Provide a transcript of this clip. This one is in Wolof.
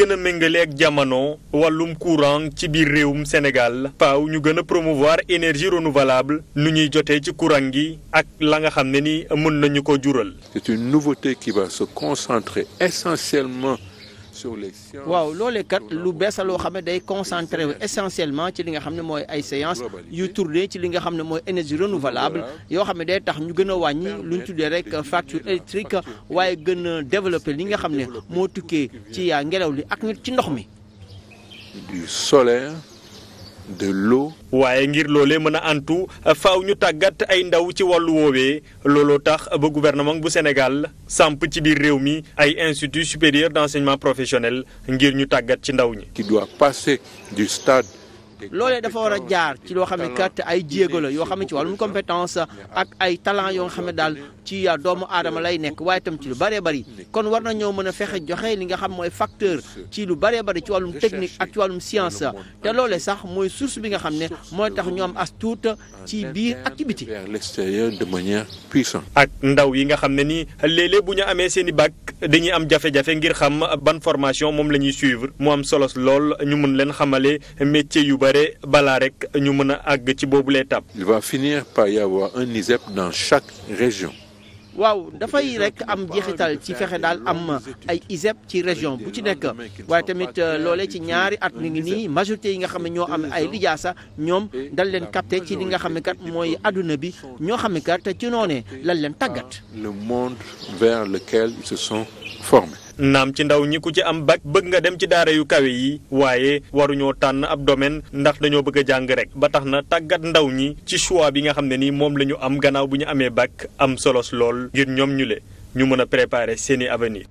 gën a méngale ak jamono wàllum courant ci biir réewum Sénégal paaw ñu gën a promouvoir énergie renouvelable nu ñuy jotee ci courant gi ak la nga xam ne ni mën nañu ko jural. C'est une nouveauté qui va se concentrer essentiellement waaw loolee kat lu bees loo xam ne day concentré essentiellement ci li nga xam ne mooy ay séances yu tourné ci li nga xam ne mooy énergie renouvelable yoo xam ne day tax ñu gën a wàññi lu ñu tuddee rek facture électrique waaye gën a développé li nga xam ne moo tukkee ci euh, ngelaw li ak ci ndox mi. de waaye ngir loolee mën a antu faw ñu tàggat ay ndaw ci wàllu woowee looloo tax ba gouvernement bu Sénégal samp ci biir réew mi ay institut supérieur d'enseignement professionnel ngir ñu tàggat ci ndaw ñi. qui doit passer du stade loolee dafa war a jaar ci loo xam ne kat ay jéego la yoo xam ne ci wàllum compétence ak ay talent yoo nga xam ne daal ci euh, doomu aadama lay nekk waaye tam ci lu bëree bëri kon war na ñoo mën a fexe joxe li nga xam mooy facteur ci lu bëree bëri ci wàllum technique ak ci wàllum science te loolee sax mooy source bi nga xam ne mooy tax ñu am as tuut ci biir ak ci biti. ak ndaw yi nga xam ne nii léelée bu ñu amee seeni i dañuy am jafe-jafe ngir xam ban formation moom la ñuy suivre mu am solos lool ñu mën leen xamale métier yu bare balaa rek ñu mën a àgg ci boobu l'étape. Il va finir par y avoir un ISEP dans chaque région. waaw dafay rek am jeexital ci fexe daal am ay ISEP ci région bu ci nekk waaye tamit euh, loole ci ñaari at mi ngi nii majorité yi nga xam ne ñoo am ay lijaasa ñoom dal leen capté ci li nga xam ne kat mooy àdduna bi ñoo xam ne kat ci noonee lan leen tàggat. le monde vers lequel naam ci ndaw ñi ku ci am bac bëgg nga dem ci daara yu kawe yi waaye waruñoo tànn ab domaine ndax dañoo bëgg a jàng rek ba tax na tàggat ndaw ñi ci choix bi nga xam ne ni moom la ñu am gannaaw bu ñu amee bac am solos lool ngir ñoom ñu le ñu mën a préparer seeni avenir